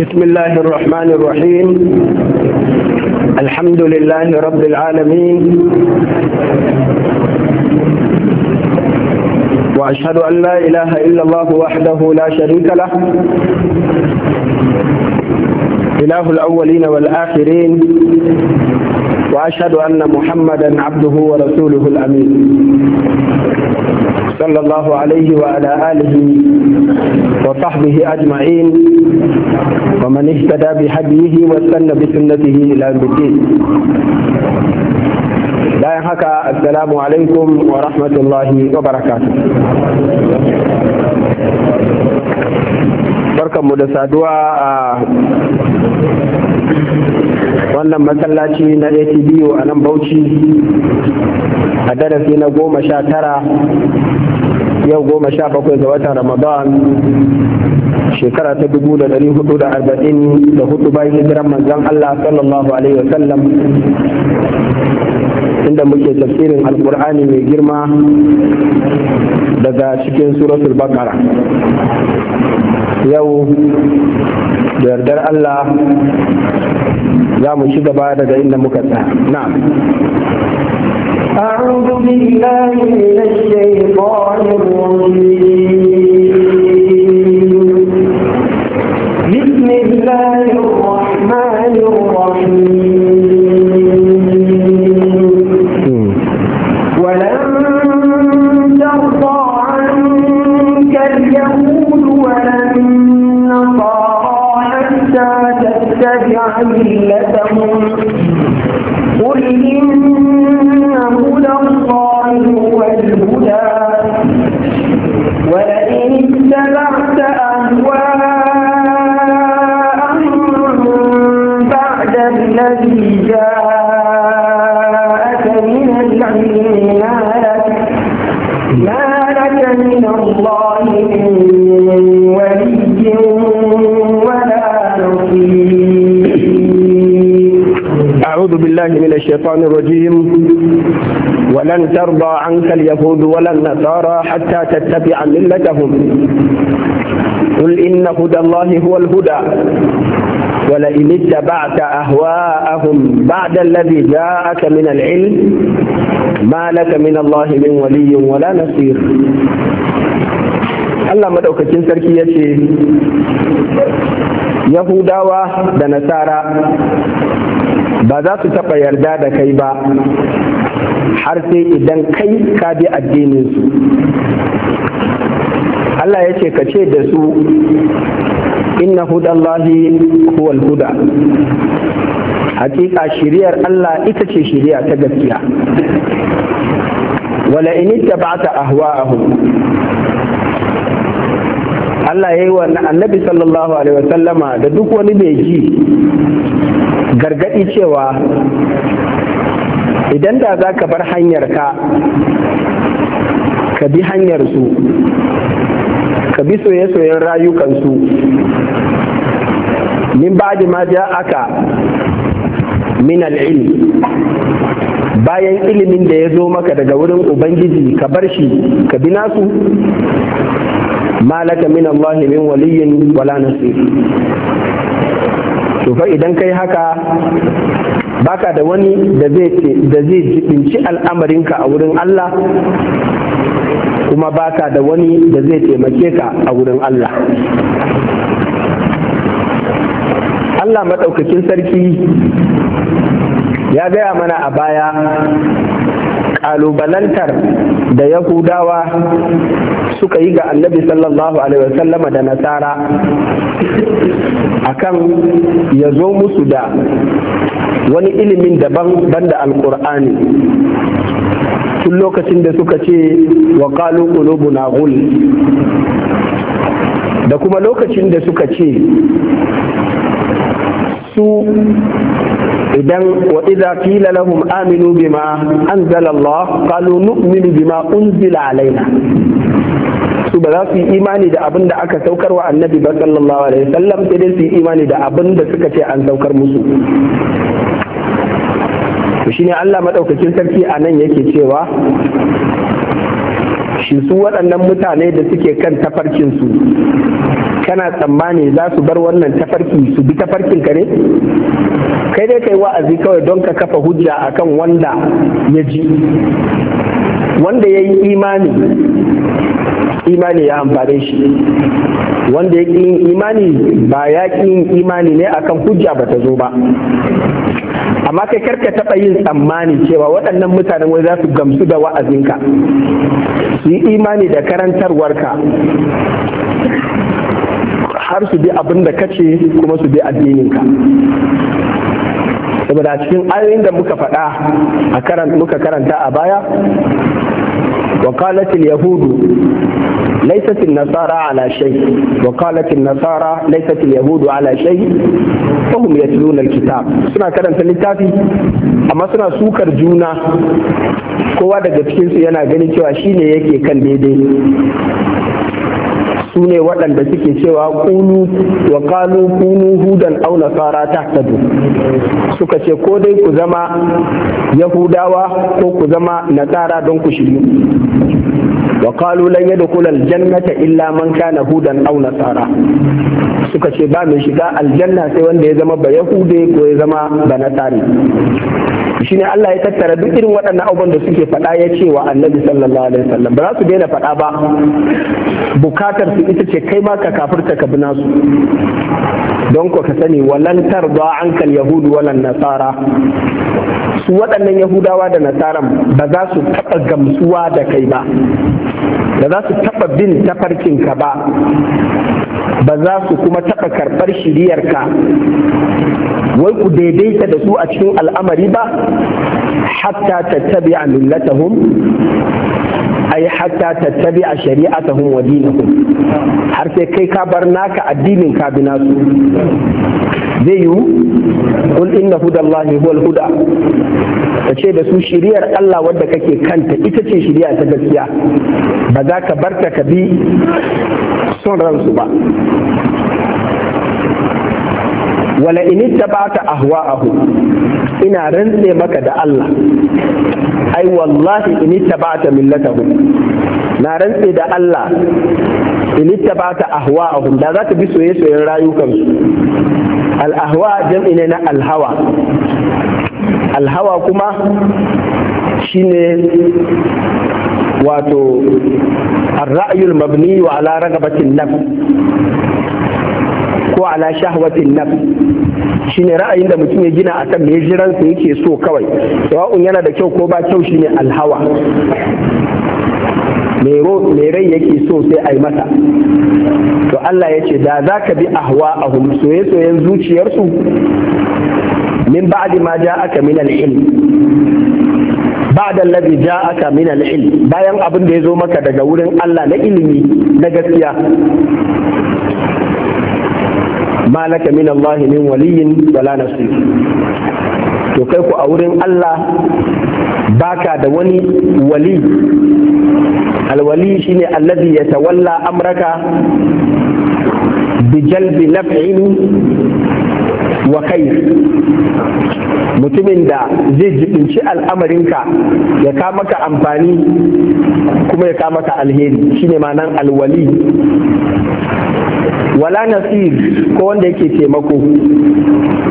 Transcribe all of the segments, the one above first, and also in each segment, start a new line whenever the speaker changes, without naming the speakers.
بسم الله الرحمن الرحيم الحمد لله رب العالمين وأشهد أن لا إله إلا الله وحده لا شريك له إله الأولين والآخرين وأشهد أن محمدا عبده ورسوله الأمين صلى الله عليه وعلى آله وصحبه أجمعين ومن اهتدى بهديه واستنى بسنته الى يوم الدين bayan haka assalamu alaikum wa rahmatullahi wa barakatu barkanmu da saduwa a wannan masallaci na atbu a nan bauchi a darasi na goma sha tara yau goma sha bakwai ga watan ramadan shekara ta dubu da dari hudu da arba'in da hudu bayan hijiran manzon Allah sallallahu alaihi wasallam inda muke tafsirin alkur'ani mai girma daga cikin suratul bakara yau da yardar Allah za mu ci gaba daga inda muka tsaya na'am
أعوذ بالله من الشيطان الرجيم اليهود ولا النصارى حتى تتبع ملتهم قل إن
بالله من الشيطان الرجيم ولن ترضى عنك اليهود ولا النصارى حتى تتبع ملتهم قل إن هدى الله هو الهدى ولئن اتبعت أهواءهم بعد الذي جاءك من العلم ما لك من الله من ولي ولا نصير الله مدعوك sarki ya yahudawa da nasara ba za su taɓa yarda da kai ba har sai idan kai ka bi addininsu Allah ya ce ka ce da su inna hudallahi huwal huda hakika shiriyar Allah ita ce shiriya ta gaskiya wala in ittaba'ta ahwaahu Allah ya yi wa annabi sallallahu alaihi wasallama da duk wani mai ji gargadi cewa idan da za ka bar hanyar ka ka bi hanyar su ka bi soye-soyen rayukansu min ba ma ja aka min al'ilm bayan ilimin da ya zo maka daga wurin ubangiji ka bar shi ka bi nasu ma laka min Allah min waliyin wala Tufa to fa idan kai haka baka da wani da zai ce da zai jibinci al'amarinka a wurin Allah kuma baka da wani da zai taimake ka a wurin Allah Allah maɗaukakin sarki ya gaya mana a baya ƙalubalantar da yahudawa suka yi ga annabi sallallahu alaihi wasallama da nasara akan ya zo musu da wani ilimin daban banda alkur'ani tun lokacin da suka ce wa kalu qulubuna ghul da kuma lokacin da suka ce su idan wa idza qila lahum aminu bima anzala Allah qalu nu'minu bima unzila alaina su ba za su yi imani da abin da aka saukar wa annabi ba sallallahu alaihi wasallam sai dai su yi imani da abin da suka ce an saukar musu to shine Allah madaukakin sarki a nan yake cewa shi su waɗannan mutane da suke kan tafarkinsu kana tsammani za su bar wannan tafarki su bi tafarkin ka ne kai dai kai wa'azi kawai don ka kafa hujja akan wanda ya ji wanda ya yi imani imani ya amfane shi wanda ya yin imani ba ya yin imani ne akan hujja ba ta zo ba amma kai karka taɓa yin tsammani cewa waɗannan mutanen wani za su gamsu da wa'azinka su yi imani da karantarwarka har su bi abin da kace kuma su bi addininka saboda cikin ayoyin da muka faɗa a muka karanta a baya وقالت Yahudu. ليست النصارى على شيء وقالت النصارى ليست اليهود على شيء فهم littafi amma suna sukar juna kowa daga cikinsu yana ganin cewa shi ne yake kan daidai su ne waɗanda suke cewa kunu wa kunu hudan au nasara tahtadu suka ce ko dai ku zama yahudawa ko ku zama nasara don ku shiryu wa qalu lan yadkhul aljannata illa man kana hudan aw nasara suka ce ba mai shiga aljanna sai wanda ya zama ba yahude ko ya zama ba nasari shi ne Allah ya tattara duk irin waɗannan abubuwan da suke faɗa ya ce wa annabi sallallahu alaihi wasallam ba za su daina faɗa ba bukatar su ita ce kai ma ka kafirta ka bina nasu don ko ka sani walan tarda ankal yahudu walan nasara su waɗannan yahudawa da nasaran ba za su taɓa gamsuwa da kai ba ba za su taɓa bin tafarkinka ba ba za su kuma taɓa karɓar shiriyarka wai ku daidaita da su a cikin al'amari ba hatta tattabi'a millatahum ai hatta tattabi a shari'atahum wa dinahum har sai kai ka bar naka addinin ka bi nasu zai yiwu kul inna hudallahi huwal huda ka ce da su shiriyar Allah wadda kake kanta ita ce shiriya ta gaskiya ba za ka barta ka bi son ransu ba wala in tabata ahwa'ahu ina rantse maka da Allah ai wallahi in tabata millatahu na rantse da Allah in tabata ahwa'ahu da za ta bi soyayyen rayukansu al ahwa jam'i ne na al hawa alhawa kuma shine wato ra'ayul mabni wa ala ragabatin ko ala shahwatin Shi shine ra'ayin da mutum ya gina a kan me jiransa yake so kawai sawa'un yana da kyau ko ba kyau shine alhawa mai rai yake so sai a yi masa to Allah ya ce da za ka bi ahwa ahum soye-soyen zuciyarsu min ba'di ma ja'aka min al-ilm ba'da alladhi ja'aka min al-ilm bayan abin da ya zo maka daga wurin Allah na ilimi na gaskiya malaka min Allah min waliyin wala nasir to kai ku a wurin Allah baka da wani wali alwali shine alladhi yatawalla amraka bi jalbi naf'in wa kai mutumin da zai jibinci al'amarinka ya ka maka amfani kuma ya ka maka alheri shine manan alwali wala nasir ko wanda yake taimako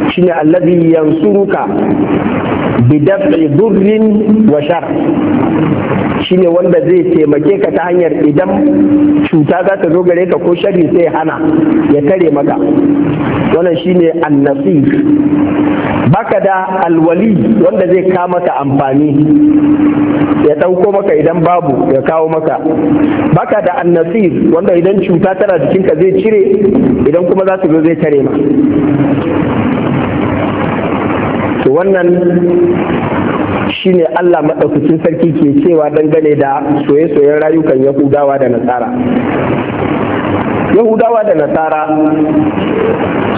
shine allazi yansuruka bidaf'i durrin wa shar Shi ne wanda zai taimake ka ta hanyar idan cuta za ta zo gare ka ko shari sai hana ya tare maka wannan shi ne annasir baka da alwali wanda zai kawo maka amfani ya ɗauko maka idan babu ya kawo maka baka da annasir wanda idan cuta tana jikinka zai cire idan kuma za ta zo zai tare ma wannan shine Allah maɗaukacin sarki ke cewa dangane da soye-soyen rayukan Yahudawa da Nasara. Yahudawa da Nasara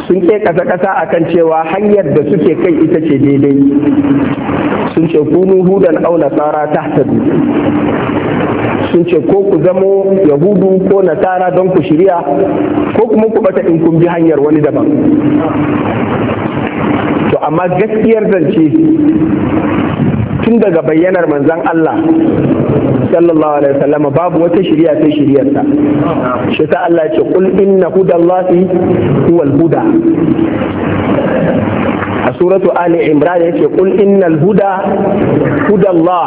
sun ke kasa-kasa akan cewa hanyar da suke kai ita ce daidai sun ce kunu hudan au nasara ta sun ce ko ku zamo yahudu ko nasara don ku shirya ko kuma ku bata in kun bi hanyar wani daban to amma gaskiyar zance tun daga bayyanar manzan Allah sallallahu alaihi wasallam babu wata shiriya sai shiriyarsa shi ta Allah ce kul inna hudallahi huwal huda a suratu ali imran yake kul innal huda hudallah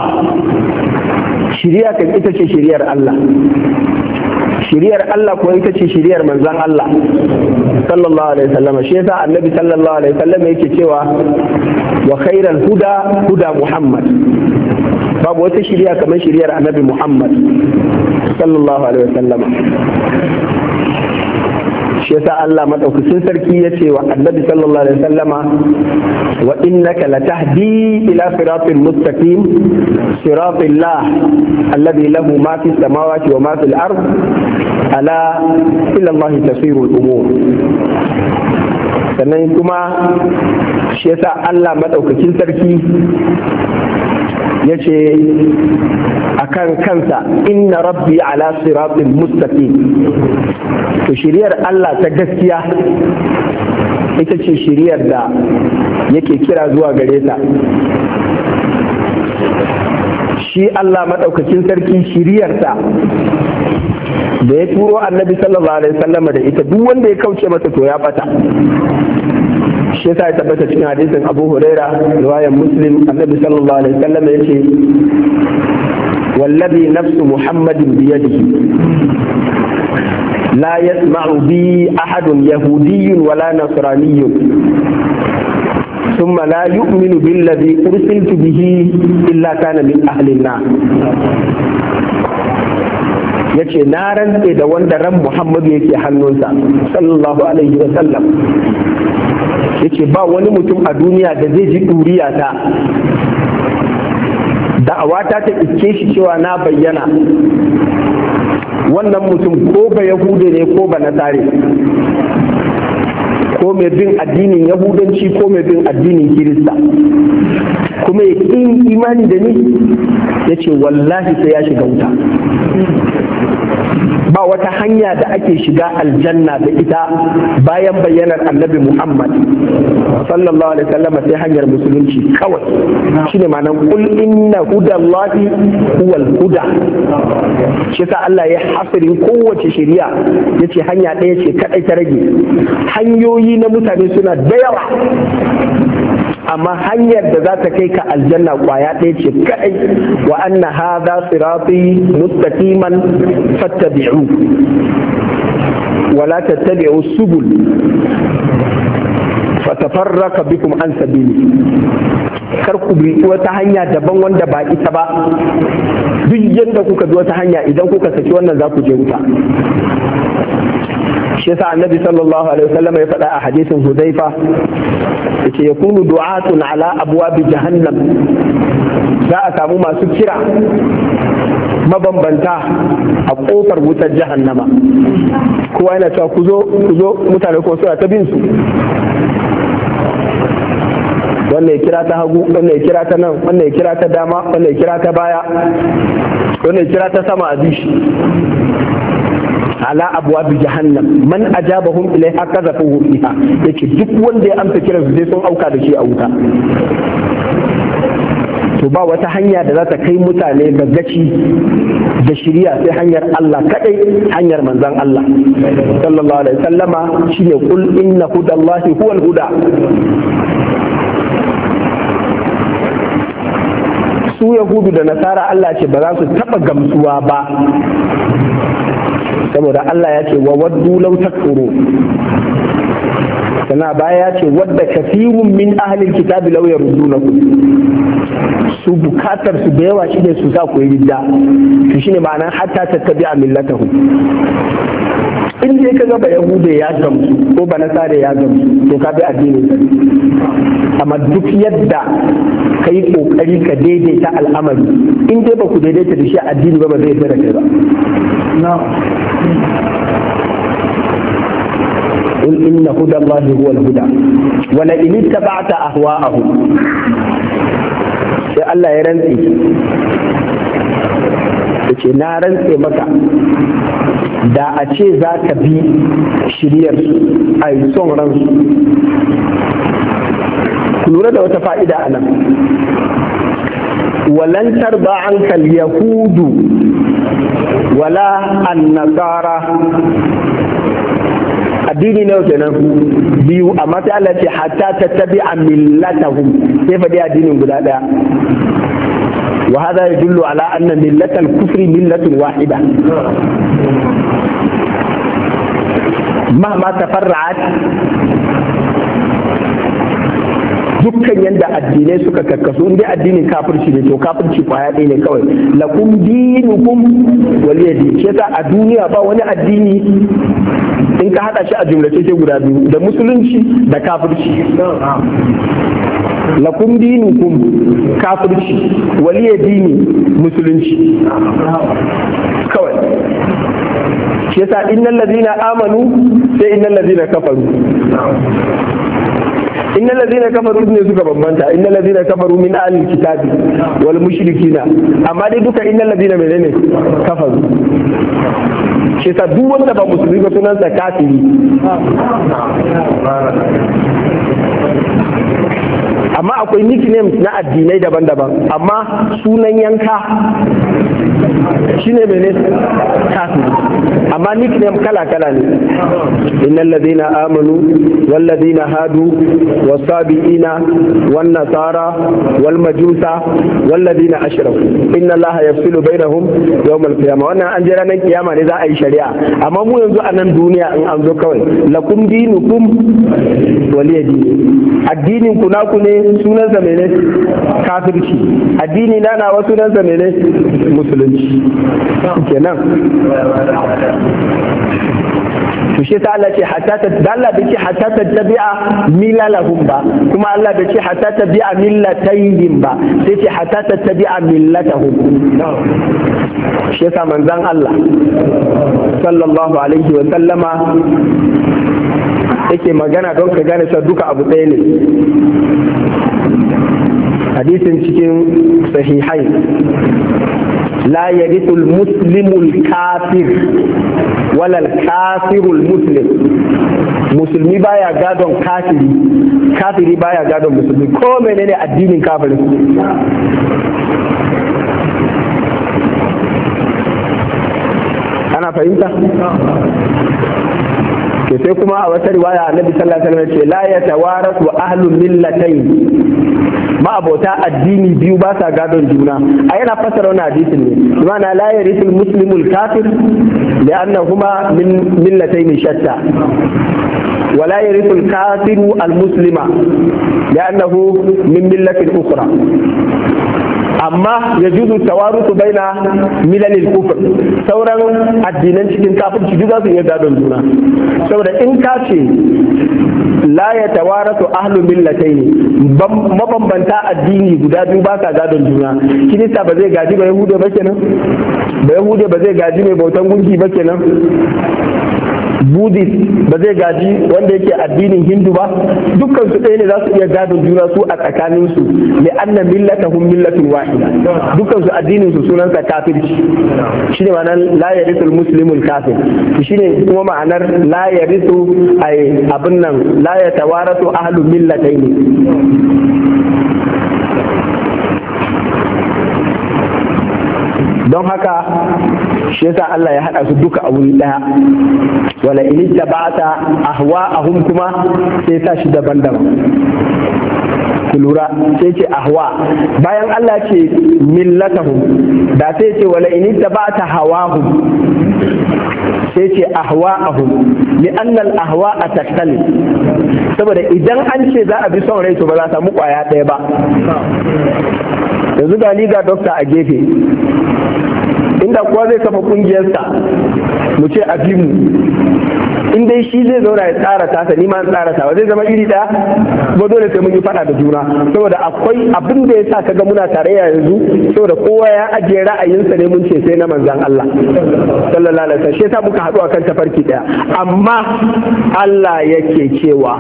shiriya kan ita ce shiriyar Allah shiriyar Allah ko ita ce shiriyar manzan Allah sallallahu alaihi wasallam shi yasa annabi sallallahu alaihi wasallam yake cewa wa khairal huda huda muhammad babu wata shiriya kamar shiriyar annabi muhammad sallallahu alaihi wasallam shi yasa Allah madaukakin sarki ya ce wa annabi sallallahu alaihi wasallama wa innaka latahdi ila siratin mustaqim siratil lah alladhi lahu ma fis samawati wa ma fil ard ala ila Allah tasirul umur sannan kuma shi yasa Allah maɗaukakin sarki ya ce a kan kansa inna rabbi ala siratin mustaqim to shiriyar Allah ta gaskiya ita ce shiriyar da yake kira zuwa gare ta shi Allah maɗaukakin sarki shiriyarsa da ya turo annabi sallallahu alaihi wasallam da ita duk wanda ya kauce mata to ya bata shi yasa ya tabbata cikin hadisin Abu Huraira riwayar Muslim annabi sallallahu alaihi wasallam yace wallabi nafsu Muhammadin bi yadihi لا يسمع بي أحد يهودي ولا نصراني ثم لا يؤمن بالذي أرسلت به إلا كان من أهل النار ya ce na rantse da wanda ran muhammadu yake hannunsa sallallahu alaihi wa sallam ya ce ba wani mutum a duniya da zai ji ɗuriya ta da'awata ta iske shi cewa na bayyana wannan mutum ko ba yahude ne ko ba nasare ko mai bin addinin yahudanci ko mai bin addinin kirista kuma ya imani da ni ya ce wallahi sai ya shiga wuta ba wata hanya da ake shiga aljanna da ita bayan bayyanar annabi Muhammad sallallahu alaihi wasallam sai hanyar musulunci kawai shine ma'anar kul inna hudallahi huwal huda shi sa Allah ya hasirin kowace shari'a yace hanya ɗaya ce kadai ta rage hanyoyi na mutane suna da yawa amma hanyar da za ta kai ka aljanna kwaya ɗaya ce kadai wa anna hadha sirati mustaqiman fattabi'u wala tattabi'u subul fatafarraka bikum an sabili kar ku bi wata hanya daban wanda ba ita ba duk yadda kuka bi wata hanya idan kuka saki wannan za ku je wuta shi yasa annabi sallallahu alaihi wasallam ya faɗa a hadisin huzaifa yace yakunu du'atun ala abwabi jahannam za a samu masu kira mabambanta a kofar wutar jahannama kowa yana cewa ku zo ku zo mutane ko suna ta bin su wannan ya kira ta hagu wannan ya kira ta nan wannan ya kira ta dama wannan ya kira ta baya wannan ya kira ta sama a bishi ala abwabi jahannam man ajabahum ilaiha kazafuhu fiha yace duk wanda ya amsa kiran su sai sun auka da shi a wuta to ba wata hanya da za ta kai mutane ga gaci da shirya sai hanyar Allah kadai hanyar manzon Allah sallallahu alaihi wasallama shine kul inna hudallahi huwal huda su yahudu da nasara Allah ce ba za su taba gamsuwa ba saboda Allah ya ce wa waddu law takfuru sana baya ya ce wadda kafirun min ahlil kitabi law yaruddunakum su bukatar su da yawa shi ne su za ku yi ridda to shine ma'ana hatta tattabi'a millatahu in dai ka gaba yahude ya gamsu ko ba nasare ya gamsu to ka bi addini. amma duk yadda ka yi kokari ka daidaita al'amari in dai ba ku daidaita da shi addini ba ba zai tsara kai ba قل إن هدى الله هو الهدى ولئن اتبعت أهواءهم sai Allah ya rantse da na rantse maka da a ce za ka bi shiryar a yi son ransu ku lura da wata fa'ida a nan walantar ba an yahudu wala an nasara addini ne nan biyu amma sai ce hatta tattabi a millatahu sai faɗi addinin guda ɗaya وهذا يدل على أن ملة الكفر kufri واحدة مهما تفرعت dukkan yadda addinai suka kakkasu inda addinin kafirci ne to kafirci kwaya ɗaya ne kawai lakum dinukum waliya din ta a duniya ba wani addini in ka haɗa shi a jumlace sai guda biyu da musulunci da kafirci lakum dinukum kafirci waliya dini musulunci kawai shi yasa innal ladina amanu sai innal ladina kafaru inna lazina kafaru ne suka bambanta inna lazina kafaru min ahlil kitabi wal mushrikina amma dai duka inna lazina menene kafaru shi sa duk wanda ba musulmi ba sunan sa kafiri amma akwai nicknames na addinai daban-daban amma sunan yanka shine mene kafiri amma nickname kala-kala ne innal ladina amanu wal ladina hadu wasabiina wan nasara wal majusa wal ladina ashraku inna allaha yafsilu bainahum yawm al qiyamah wannan an jira nan kiyama ne za a yi shari'a amma mu yanzu a nan duniya in an zo kawai lakum dinukum waliya addinin ku naku ne ainihin sunansa mene kafirci addini na nawa sunansa mene musulunci kenan to shi ta Allah ce hatta ta Allah da ce hatta ta tabi'a milalahum ba kuma Allah da ce hatta ta tabi'a millatayhim ba sai ce hatta ta tabi'a millatahum shi yasa manzon Allah sallallahu alaihi wa sallama yake magana don ka gane sa duka abu ɗaya ne hadisin cikin sahihai la yarithu al kafir wala kafirul muslim musulmi baya gadon kafiri kafiri baya gadon musulmi ko menene addinin kafirin ana fahimta to sai kuma a wata riwaya annabi sallallahu alaihi wasallam ce la yatawarasu ahlul millatayn ma abota addini biyu ba sa gadon juna a yana fasara wannan hadisin ne bimana la yarisul muslimul kafir li'annahuma min millatayn shatta ولا يرث الكافر المسلم لأنه من ملة أخرى amma ya juzu bai na milalil kufur sauran addinan cikin kafin su za su iya gadon juna saboda in ka ce la ya tawaratu ahlu ne mabambanta addini guda biyu ba ka gadon juna kirista ba zai gaji ba yahude ba kenan ba yahude ba zai gaji mai bautan gunki ba kenan buddhist ba zai gaji wanda yake addinin hindu ba dukkan su ɗaya ne za su iya gadon juna su a tsakanin su annan millata hun millatin wahida dukkan su addinin su sunan sa kafirci shine ma'anar layar isul musulmin kafir shine kuma ma'anar la yarithu ay abin nan la yatawaratu don haka shi yasa Allah ya hada su duka a wuri daya wala in tabata ahwa'ahum kuma sai sa shi daban-daban ku lura sai ce ahwa bayan Allah ce millatahum da sai ce wala in tabata hawahum sai ce ahwa'ahum li anna al ahwa'a taktali saboda idan an ce za a bi son rai to ba za a samu kwaya ɗaya ba yanzu ga ni ga dokta a gefe inda kowa zai kafa kungiyarsa mu ce a fi mu in dai shi zai zauna ya tsara tasa ni ma tsara tawa zai zama iri
ɗaya,
ba dole sai mun yi fada da juna saboda akwai abin da ya yasa kaga muna tare tarayya yanzu saboda kowa ya ajiye ra'ayinsa ne mun ce sai na manzan Allah sallallahu alaihi wasallam shi yasa muka haɗu akan tafarki ɗaya. amma Allah yake cewa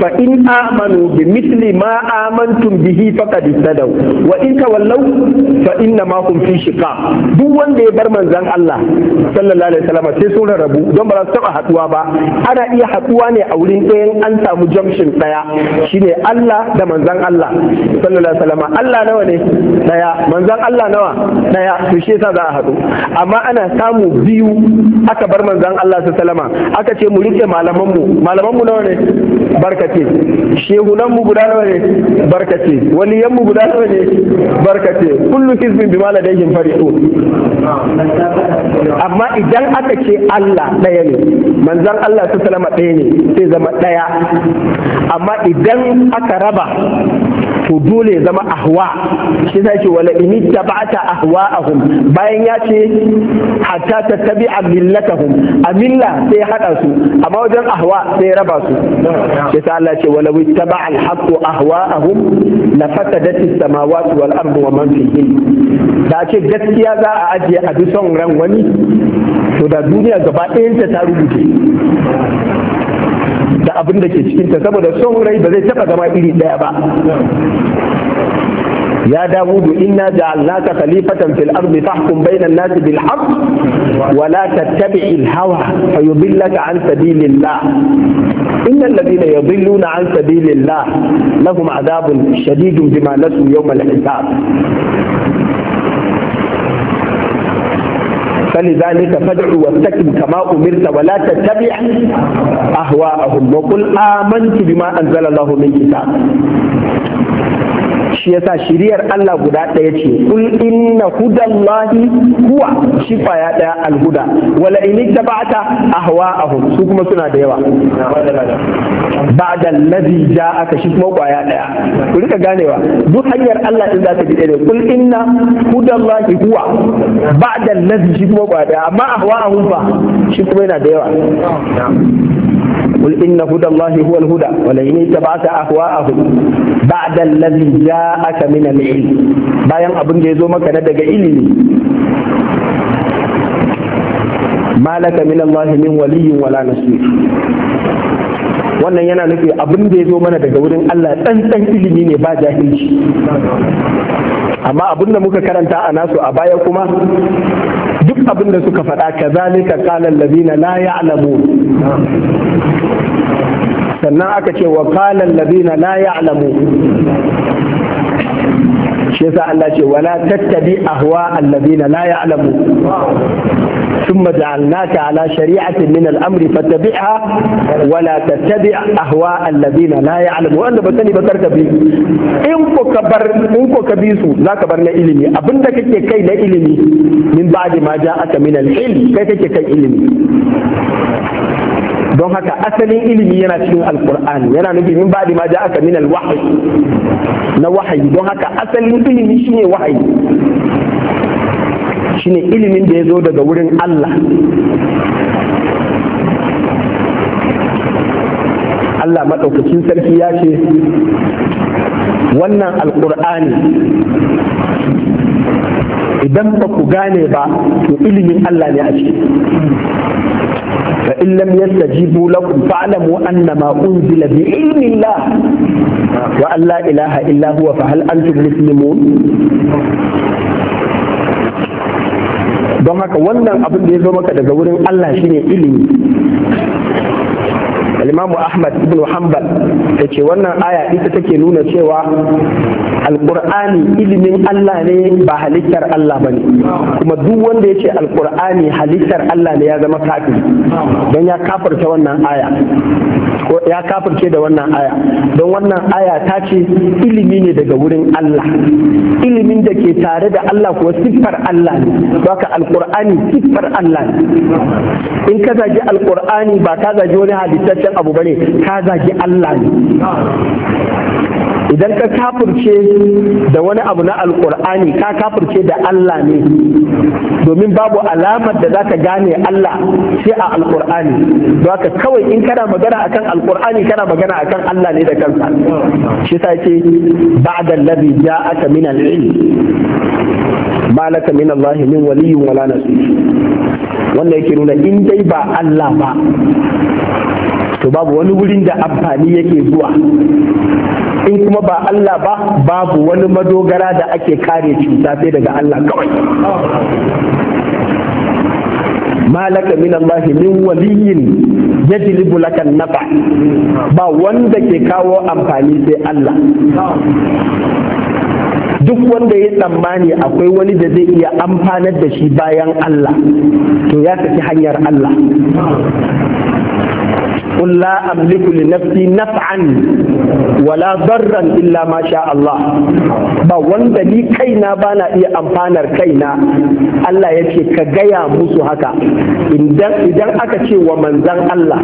fa in amanu bi misli ma amantum bihi faqad istadaw wa in tawallaw fa inna ma kum fi shiqaq duk wanda ya bar manzan Allah sallallahu alaihi wasallam sai sun rabu don ba za su taba haɗuwa ba ana iya haɗuwa ne a wurin ɗayan an samu junction ɗaya shine Allah da manzan Allah sallallahu alaihi wasallam Allah nawa ne ɗaya manzan Allah nawa ɗaya to shi yasa za a haɗu amma ana samu biyu aka bar manzan Allah sallallahu alaihi wasallam aka ce mu rike malaman mu malaman mu nawa ne barkace shehunan mu guda nawa ne barkace waliyan mu guda nawa ne barkace kullu hizbin bima ladayhim farihun amma idan aka ce Allah ɗaya ne manzon Allah su salama ɗaya ne sai zama ɗaya amma idan aka raba to dole ya zama ahwa shi ta ce wala in tabata ahwa'ahum bayan ya ce hatta tattabi'a millatahum a milla sai haɗa su amma wajen ahwa sai raba su shi ta Allah ce wala ittaba al-haqqu ahwa'ahum la fasadat as sama wasu ardu wa man da ce gaskiya za a ajiye a bi son ran wani to da duniya gaba ɗayanta ta rubuce da abin da ke cikinta saboda son rai ba zai taba zama iri ɗaya ba يا داود إنا جعلناك خليفة في الأرض فاحكم بين الناس بالحق ولا تتبع الهوى فيضلك عن سبيل الله إن الذين يضلون عن سبيل الله لهم عذاب شديد بما نسوا يوم الحساب فلذلك فادع واستقم كما امرت ولا تتبع اهواءهم وقل امنت بما انزل الله من كتاب shi yasa shiriyar Allah guda ɗaya ce kul inna hudallahi huwa shi ya ɗaya alhuda wala in tabata ahwa'ahum su kuma suna da yawa ba'da allazi ja'aka shi kuma kwaya ɗaya ku rika ganewa duk hanyar Allah din za ta bi ɗaya kul
inna hudallahi
huwa ba'da allazi shi kuma kwaya ɗaya amma ahwa'ahum fa shi kuma yana da yawa قل إن هدى الله هو الهدى ولئن اتبعت أهواءهم بعد الذي جاءك من العلم بايان أبن جيزو مكان دقا إلمي ما لك min الله من ولي ولا نصير wannan yana nufi abin da ya zo mana daga wurin Allah tsantsan ilimi ne ba jahilci amma abin da muka karanta a nasu a baya kuma duk abin da suka faɗa ka zalika kalan labina la ya'lamu sannan aka ce wa qalan ladina la ya'lamu shi yasa Allah ce wala tattabi ahwa alladina la ya'lamu thumma ja'alnaka ala shari'atin min al-amri fattabi'ha wala tattabi ahwa alladina la ya'lamu wanda ba sani ba karka bi in ko ka bar in ko ka bi su zaka bar na ilimi abinda kake kai na ilimi min ba'di ma ja'aka min al-ilm kai kake kai ilimi don haka asalin ilimi yana cikin alkur'ani yana nufi min ba ma aka min alwahyi na wahayi don haka asalin ilimi shine wahayi shine ilimin da ya zo daga wurin Allah Allah maɗaukacin sarki ya ce wannan alkur'ani idan ba ku gane ba to ilimin Allah ne a ciki in lam yastajibu lakum fa'lamu annama unzila bi ilmi Allah wa an la ilaha illa huwa fa hal antum muslimun don haka wannan abin da ya zo maka daga wurin Allah shine ilimi alimamu ahmad ibn hanbal yace wannan aya ita take nuna cewa alkur'ani ilimin allah ne ba halittar allah ba ne kuma duk wanda ya ce alkur'ani halittar allah ne ya zama kafiri don ya kafarta wannan aya ya kafirce da wannan aya don wannan aya ta ce ilimi ne daga wurin Allah ilimin da ke tare da Allah kuwa siffar Allah ne ka alqur'ani siffar Allah ne in ka zagi alqur'ani ba ka zagi wani halittaccen abu bane ka zagi Allah ne idan ka kafirce da wani abu na alkur'ani ka kafirce da Allah ne domin babu alamar da zaka gane Allah sai a alkur'ani don haka kawai in kana magana akan alkur'ani kana magana akan Allah ne da kansa shi ta ce ba'da allazi ja'aka min al-ilm ma laka min Allah min waliyyin wala nasir wannan yake nuna in dai ba Allah ba to babu wani wurin da amfani yake zuwa in kuma ba Allah ba babu wani madogara da ake kare cuta sai daga Allah kawai malaka min Allah min waliyin yajlibu laka nafa ba wanda ke kawo amfani sai Allah duk wanda ya tsammani akwai wani da zai iya amfanar da shi bayan Allah to ya saki hanyar Allah قل لا أملك لنفسي نفعا ولا ضرا إلا ما شاء الله ba wanda ni kaina bana iya amfanar kaina Allah ya ce ka gaya musu haka idan aka ce wa manzan Allah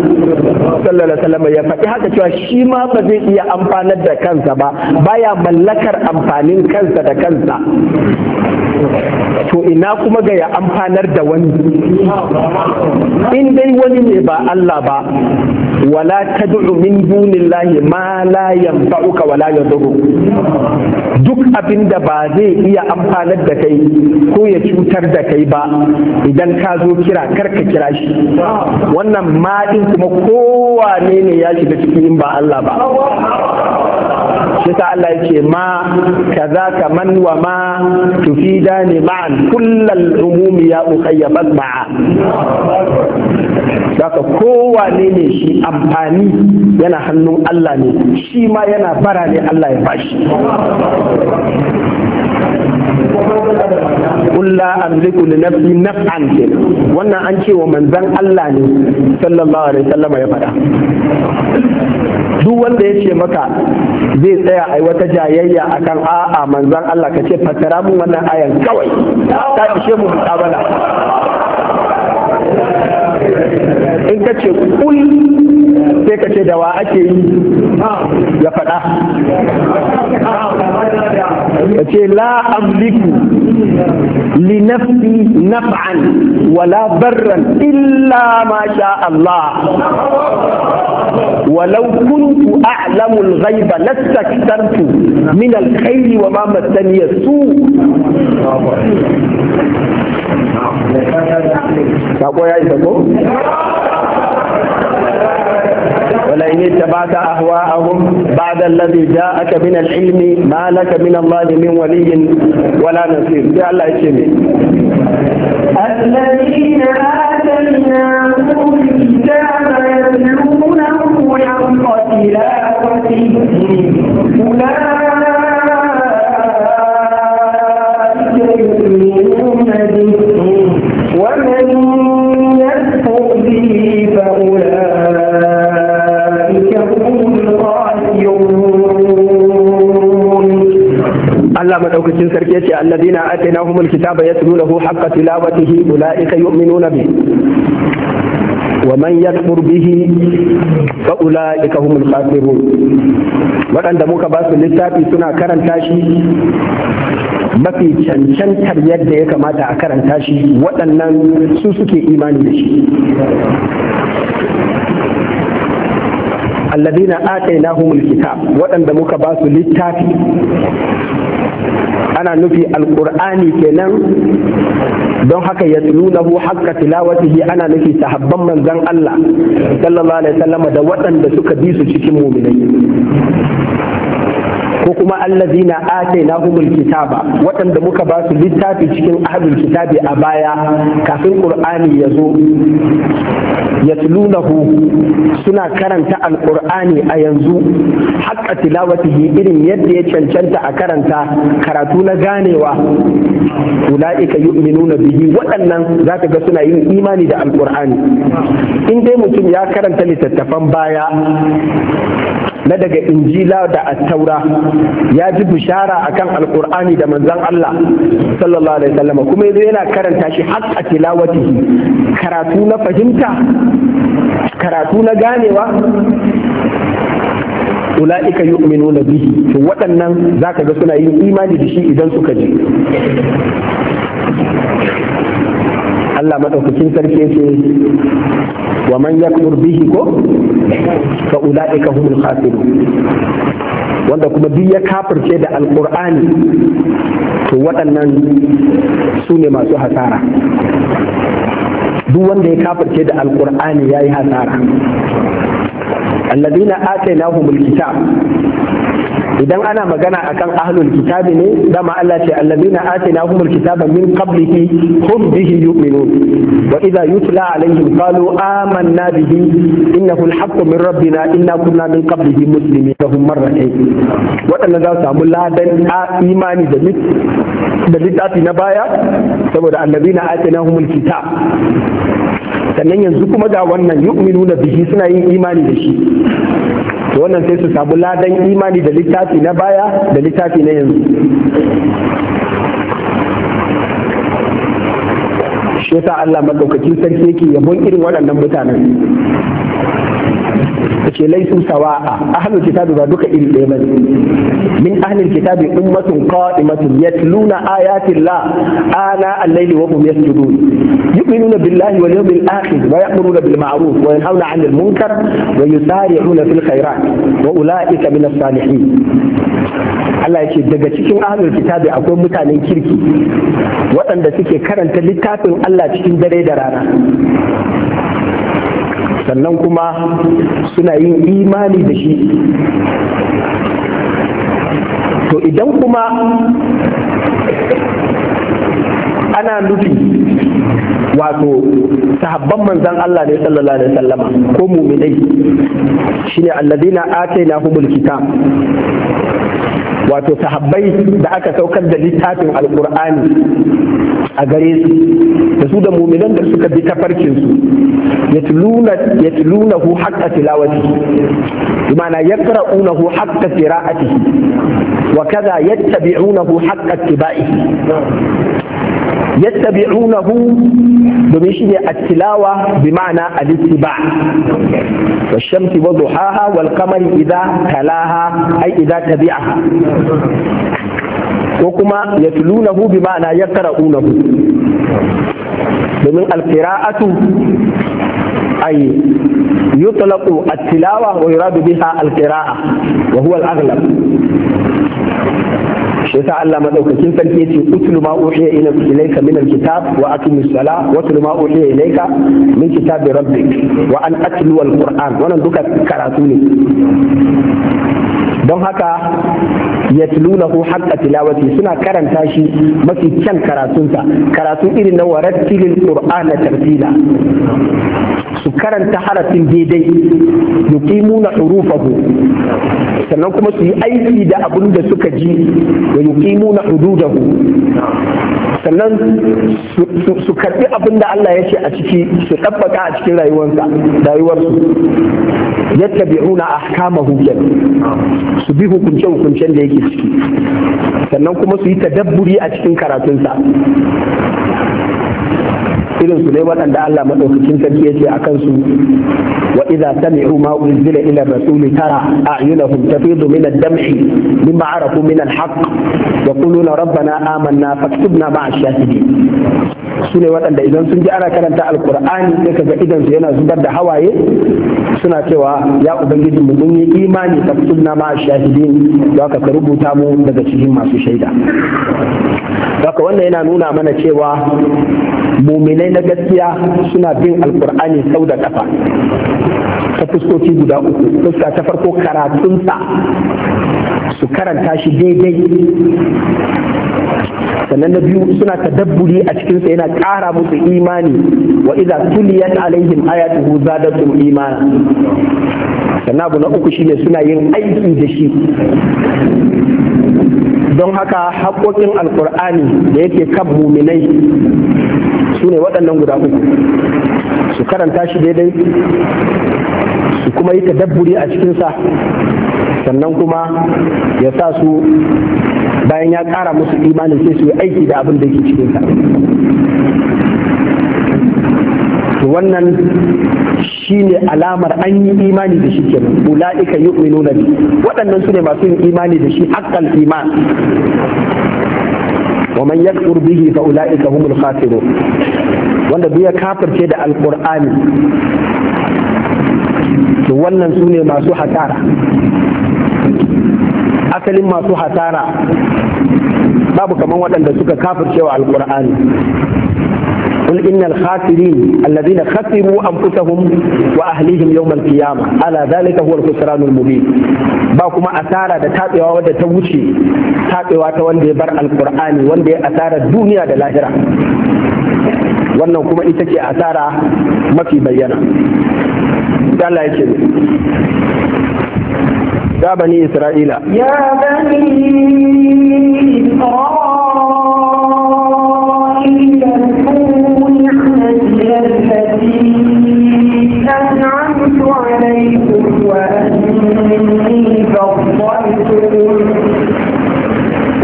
sallallahu alaihi wasallam ya faɗi haka cewa shi ma ba zai iya amfanar da kansa ba baya mallakar amfanin kansa da kansa to ina kuma gaya ya amfanar da wani in dai wani ne ba Allah ba wala tad'u min dunillahi ma la yanfa'uka wala yadurru duk abinda ba zai iya amfanar da kai ko ya cutar da kai ba idan ka zo kira karka kira shi wannan ma'in kuma kowane ne ya shiga cikin in ba Allah ba yasa Allah yake ma kaza ka man wa ma tufida ne ma'an kullal umumi ya ukhayya ma'a Daka kowa ne ne shi amfani yana hannun Allah ne shi ma yana bara ne Allah ya bashi. Kulla amliku li nafsi naf'an ke wannan an ce wa manzan Allah ne sallallahu alaihi wasallam ya faɗa. Duk wanda ya ce maka zai tsaya a wata jayayya akan a'a manzan Allah ka ce fatara mun wannan ayan kawai ta ishe mu mutabala in ka ce kul sai ka ce da wa ake yi ya faɗa ka ce la amliku li nafsi naf'an wala barran illa ma sha Allah ولو كنت أعلم الغيب لاستكثرت من الخير وما مسني السوء تقوى يا ولئن اتبعت اهواءهم بعد الذي جاءك من العلم ما لك من الله من ولي ولا نصير يا الله اشهد
الذين آتيناهم الكتاب يتلونه يوم قتلاته
أولئك
madaukakin sarki yace alladina atainahumul kitaba yatlunahu haqqa tilawatihi ulaika yu'minuna bi wa man yakfur bihi fa ulaika humul khasirun waɗanda muka ba su littafi suna karanta shi mafi cancantar yadda ya kamata a karanta shi waɗannan su suke imani da shi alladina atainahumul kitab waɗanda muka ba su littafi ana nufi Alkur'ani kenan don haka ya yatlunahu haqqa tilawatihi ana nufi sahabban manzan Allah sallallahu alaihi wasallam da waɗanda suka bi su cikin mu'minai ko kuma na atainahumul kitaba waɗanda muka ba su littafi cikin ahlul kitabi a baya kafin qur'ani ya zo yatlunahu suna karanta alqur'ani a yanzu haqqa tilawatihi irin yadda ya cancanta a karanta karatu na ganewa ulaika yu'minuna bihi waɗannan zaka ga suna yin imani da alqur'ani in dai mutum ya karanta littattafan baya na daga injila da attaura ya ji bishara akan alkur'ani da manzon Allah sallallahu alaihi wasallam kuma yanzu yana karanta shi har a tilawatihi karatu na fahimta karatu na ganewa ula'ika yu'minuna bihi to waɗannan zaka ga suna yin imani da shi idan suka ji Allah madaukakin sarki yake wa man yakfur bihi ko fa ulaika humul khasirun wanda kuma duk ya kafirce da alqur'ani to waɗannan su ne masu hasara duk wanda ya kafirce da alqur'ani yayi hasara alladina atainahumul kitab idan ana magana akan ahlul kitabi ne dama Allah ce allazina atinahumul kitaba min qablihi hum bihi yu'minun wa idza yutla alaihim qalu amanna bihi innahu alhaqqu min rabbina inna kunna min qablihi muslimin lahum marratayn wadannan za su samu ladan imani da da littafi na baya saboda allazina atinahumul kitab sannan yanzu kuma ga wannan yu'minuna bihi suna yin imani da shi wannan sai su samu ladan imani da littafi na baya da littafi na yanzu shi yasa Allah madaukakin sarki yake yabon irin waɗannan mutanen ce laisu sawa'a ahlul kitabi ba duka iri ɗaya bane min ahlul kitabi ummatun qa'imatun yatluna ayati llah ana al-layli wa hum yasjudun yu'minuna billahi wal yawmil akhir wa ya'muruna bil ma'ruf wa yanhauna 'anil munkar wa yusari'una fil khairat wa ulaika min as-salihin Allah yake daga cikin ahlul kitabi akwai mutanen kirki waɗanda suke karanta littafin Allah cikin dare da rana sannan kuma suna yin imani da shi to idan kuma ana nufi wato sahabban manzan Allah ne sallallahu alaihi sallama ko muminai shine alladina atainahumul kitab wato sahabbai da aka saukar da littafin alkur'ani a gare su da su da muminan da suka bi tafarkin su yatlunahu haqqa tilawati bimana yaqra'unahu haqqa qira'atihi wa kaza yattabi'unahu haqqa ittiba'ihi يتبعونه بمشي التلاوة بمعنى الاتباع والشمس وضحاها والقمر إذا تلاها أي إذا تبعها وكما يتلونه بمعنى يقرؤونه بمن القراءة أي يطلق التلاوة ويراد بها القراءة وهو الأغلب shi yasa Allah madaukakin sarki yace utlu ma uhiya ilayka min alkitab wa aqimis sala wa utlu ma uhiya ilayka min kitabi rabbik wa an atlu alquran wannan duka karatu ne don haka yatlunahu haqqa tilawati suna karanta shi mafi kyan karatunsa karatu irin na warattilil qur'ana tartila su karanta harafin daidai yuqimuna hurufahu sannan kuma su yi aiki da abin da suka ji wa yuqimuna hududahu sannan su karbi abin da Allah ya ce a ciki su tabbata a cikin rayuwarsa rayuwarsu yattabi'una ahkamahu su bi hukunce hukuncen da yake ciki sannan kuma su yi tadabburi a cikin karatunsa irin su ne waɗanda Allah madaukakin sarki yace akan su wa idza sami'u ma unzila ila rasuli tara a'yunahum tafidu min ad-dam'i mimma arafu min al-haqq yaquluna rabbana amanna faktubna ma'a ash-shahidin su ne waɗanda idan sun ji ana karanta alkur'ani sai kaga idan su yana zubar da hawaye suna cewa ya ubangiji mu mun yi imani faktubna ma'a ash-shahidin za ka rubuta mu daga cikin masu shaida haka wannan yana nuna mana cewa muminai na gaskiya suna bin alkur'ani sau da kafa ta fuskoki guda uku fuska ta farko karatunsa su karanta shi daidai sannan na biyu suna ta tadabburi a cikinsa yana kara musu imani wa iza tuliyat alaihim ayatuhu zadatum imana sannan abu na uku shine suna yin aiki da shi don haka haƙoƙin alƙur'ani da yake kan muminai su ne waɗannan guda uku su karanta shi daidai su kuma yi tadabburi a cikinsa sannan kuma ya sa su bayan ya ƙara musu imanin sai su yi aiki da abin da yake cikinsa wannan shi ne alamar an yi imani da shi kenan ula'ika nuna ne, waɗannan su ne masu yin imani da shi akal iman wa man bihi fa ulaika wanda duk ya kafirce da alqur'ani to wannan su ne masu hasara asalin masu hasara babu kaman waɗanda suka kafircewa alkur'ani قل إن الخاسرين الذين خسروا أنفسهم وأهليهم يوم القيامة على ذلك هو الخسران المبين باكما أسارة تاتي ta توشي taɓewa ta wanda ya bar alkur'ani wanda ya asara duniya da lahira wannan kuma ita ce asara mafi bayyana Allah yake ne ya bani isra'ila ya bani
أنعمت عليكم وأني فضلتكم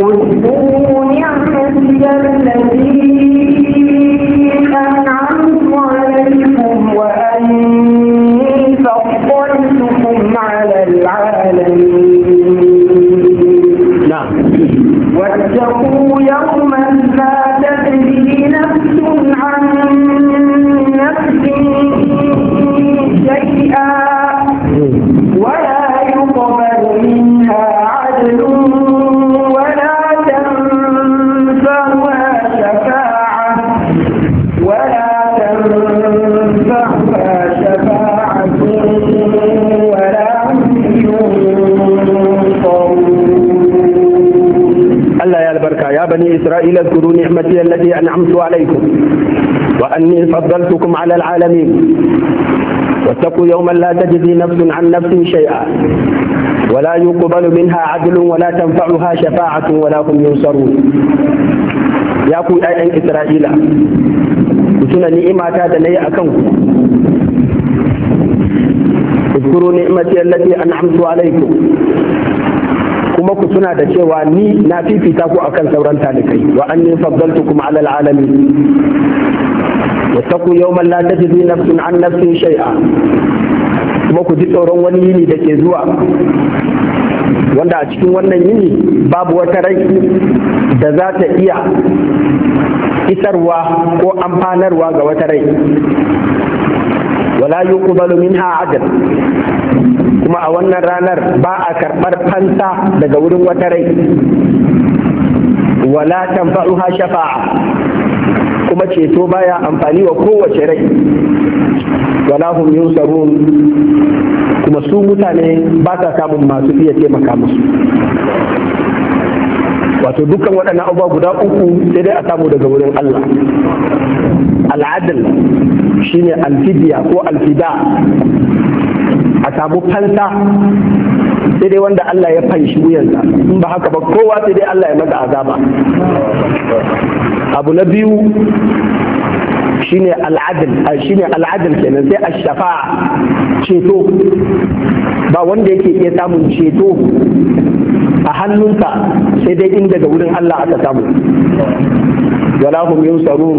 واذكروا نعمتي التي
يا بني إسرائيل اذكروا نعمتي التي أنعمت عليكم وأني فضلتكم على العالمين واتقوا يوما لا تجزي نفس عن نفس شيئا ولا يقبل منها عدل ولا تنفعها شفاعة ولا هم ينصرون يا كو أيان إسرائيل كتنا نعمة لي أكنكم اذكروا نعمتي التي أنعمت عليكم kuma suna da cewa ni na fifita ku akan sauran talibai wa anni faddaltukum ala alalamin wattaqu yawman la tajzi nafsun an nafsin shay'a kuma ku ji tsoron wani yini da ke zuwa wanda a cikin wannan yini babu wata rai da za ta iya isarwa ko amfanarwa ga wata rai wala yuqbalu minha adl kuma a wannan ranar ba a karɓar fanta daga wurin wata rai wala tanfa'uha shafa'a kuma ceto baya amfani wa kowace rai wala hum yunsarun kuma su mutane ba sa samun masu iya taimaka musu wato dukkan waɗannan abubuwa guda uku sai dai a samu daga wurin Allah al'adil shine alfidiya ko alfida a samu fansa sai dai wanda Allah ya fanshi wuyansa in ba haka ba kowa sai dai Allah ya masa azaba abu na biyu shine al'adil shine al'adil kenan sai ash-shafa'a ceto ba wanda yake iya samun ceto a hannunka sai dai inda daga wurin Allah aka samu wala hum yusarun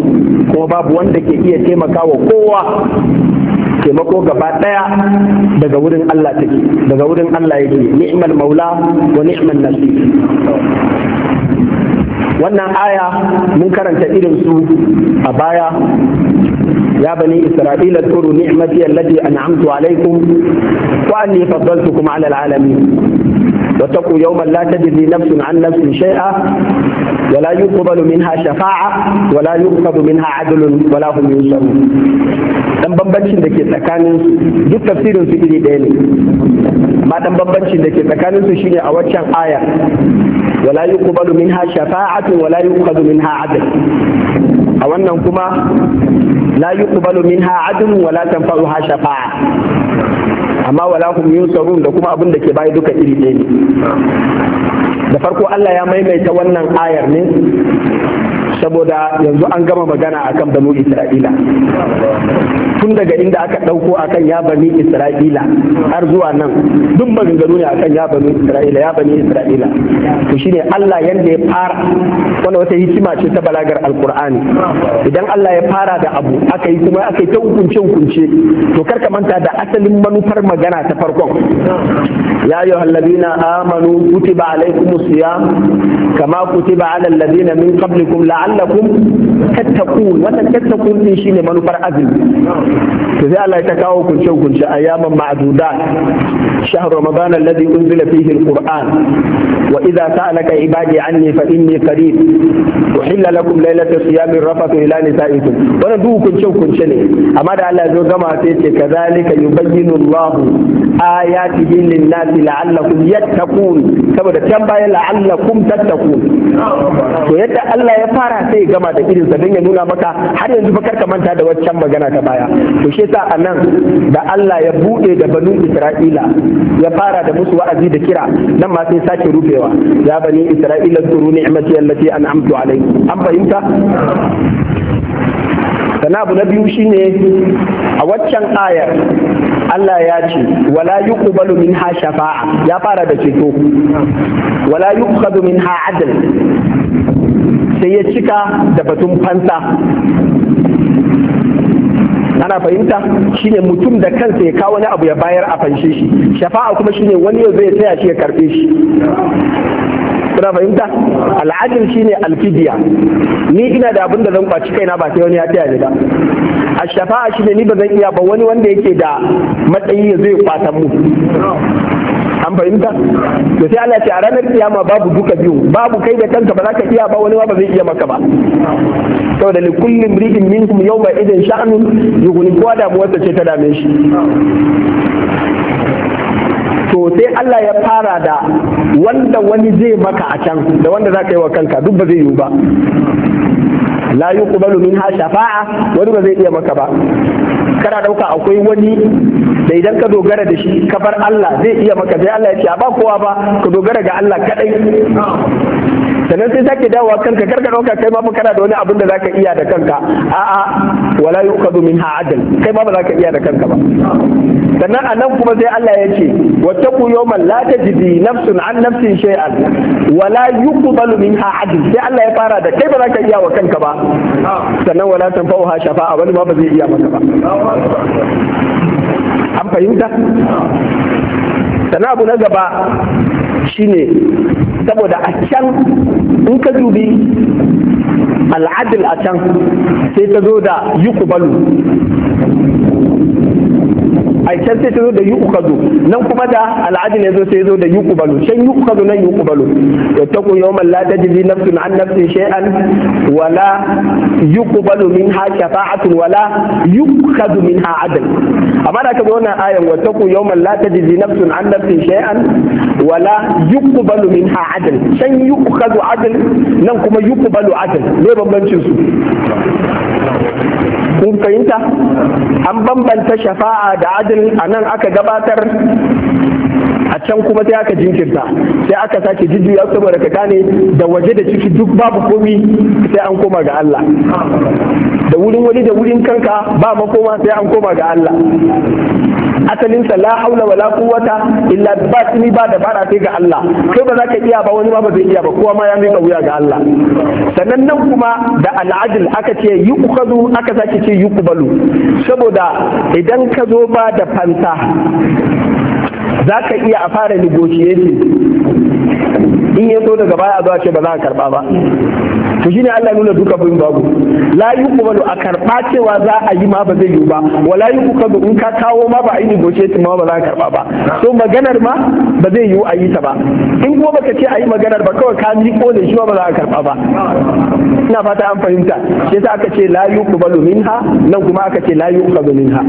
kuma babu wanda ke iya taimakawa kowa taimako gaba daya daga wurin Allah take daga wurin Allah yake ni'mal maula wa ni'mal nasir wannan aya mun karanta irin su a baya ya bani isra'ila turu ni'mati allati an'amtu alaikum wa anni faddaltukum ala alamin واتقوا يوما لا تجزي نفس عن نفس شيئا ولا يقبل منها شفاعة ولا يؤخذ منها عدل ولا هم ينصرون dan bambancin da ke tsakanin duk tafsirin su iri ɗaya ne amma dan bambancin da ke tsakanin su shine a waccan aya wala yuqbalu minha shafa'atu wala yuqadu minha adl a wannan kuma la yuqbalu minha adl wala tanfa'uha shafa'a amma wala hum yusarun da kuma abin da ke bayi duka iri ɗaya ne da farko Allah ya maimaita wannan ayar ne saboda yanzu an gama magana akan banu isra'ila tun daga inda aka ɗauko akan ya bani isra'ila har zuwa nan duk maganganu ne akan ya bani isra'ila ya bani isra'ila to shine Allah yanda ya fara wanda wata hikima ce ta balagar alkur'ani idan Allah ya fara da abu aka yi kuma aka yi ta hukunce hukunce to kar ka manta da asalin manufar magana ta farkon ya ayyuha alladhina amanu kutiba alaikum siyam kama kutiba alal ladina min qablikum la'allakum la'allakum tattaqun wannan shine manufar azumi to sai Allah ya ta kawo kunce kunce ayyaman ma'dudat shahr ramadan alladhi unzila fihi alquran wa idza sa'alaka ibadi anni fa inni qarib uhilla lakum laylata siyami rafatu ila nisaikum wannan duk kunce kunce ne amma da Allah ya gama sai ce kadhalika yubayyinu Allah ayatihi lin-nasi la'allakum yattaqun saboda can bayan la'allakum tattaqun to yadda Allah ya fara Allah sai gama da irinsa don ya nuna maka har yanzu fa karka manta da waccan magana ta baya to shi yasa anan da Allah ya bude da banu Isra'ila ya fara da musu wa'azi da kira nan ma sai sake rufewa ya bani Isra'ila turu ni'mati allati an'amtu alaikum an fahimta sannan abu na biyu shine a waccan ayar Allah ya ce wala yuqbalu minha shafa'a ya fara da ceto wala yuqbalu minha adl sai ya cika da batun fanta ana fahimta shine mutum da kansa ya kawo wani abu ya bayar a fanshe shi shafa'a kuma shine wani yau zai taya shi ya karbe shi kuna fahimta al'adil shine alfidiya ni ina da abin da zan kwaci kaina ba sai wani ya taya ni ba a shafa'a shine ni ba zan iya ba wani wanda yake da matsayi ya zai kwatan mu an fahimta da sai Allah ce a ranar kiyama babu duka biyu babu kai da kanka ba za ka iya ba wani ba zai iya maka ba saboda li kulli mri'in minkum yawma idin sha'nun yughni kowa da ce ta dame shi to sai Allah ya fara da wanda wani zai maka a can da wanda za ka yi wa kanka duk ba zai yiwu ba la yuqbalu minha shafa'a wani ba zai iya maka ba kana dauka akwai wani da idan ka dogara da shi ka bar Allah zai iya maka sai Allah ya ce ba kowa ba ka dogara ga Allah kadai sannan sai sake dawowa kanka karka ka kai ma kana da wani abin da zaka iya da kanka a'a wala yuqadu minha adl kai ma ba zaka iya da kanka ba sannan anan kuma sai Allah ya ce wattaqu yawman la tajidi nafsun an nafsin shay'an wala yuqbalu minha adl sai Allah ya fara da kai ba zaka iya wa kanka ba sannan wala tanfa'uha shafa'a wani ma ba zai iya maka ba an fahimta sannan abu na gaba shine saboda a can in ka dubi al'adil a can sai ta zo da yuqbalu ai can sai ta zo da kazo nan kuma da al'adin ya zo sai zo da can yuku kazo nan yau yattaqu yawman la tajzi nafsun an nafsin shay'an wala yuqbalu minha shafa'atun wala min ha adal amma da kaga wannan ayan wattaqu yawman la tajzi nafsun an nafsin shay'an wala ha adal can yuku kazo adal nan kuma yuqbalu adal ne bambancin su kun fahimta an bambanta shafa'a da adl a nan aka gabatar a can kuma sai aka jinkirta sai aka sake jujjuya saboda ka gane da waje da ciki duk babu komi sai an koma ga Allah da wurin wani da wurin kanka ba makoma sai an koma ga Allah asalin sa la haula wala quwwata illa ba ba da bara sai ga Allah kai ba za ka iya ba wani ma ba zai iya ba kowa ma ya mika wuya ga Allah sannan nan kuma da al'adil aka ce yuqadu aka sake ce yuqbalu saboda idan ka zo ba da fansa za ka iya a fara negotiation in ya so daga baya a zuwa ce ba za a karba ba to shine Allah nuna duka bin babu la yuqbalu a karba cewa za a yi ma ba zai yi ba wala yuqbalu in ka kawo ma ba a yi negotiation ma ba za ka karba ba so maganar ma ba zai yi a yi ta ba in kuma baka ce a yi maganar ba kawai ka ko ne shi ma ba za ka karba ba ina fata an fahimta shi yasa aka ce la yuqbalu minha nan kuma aka ce la yuqbalu minha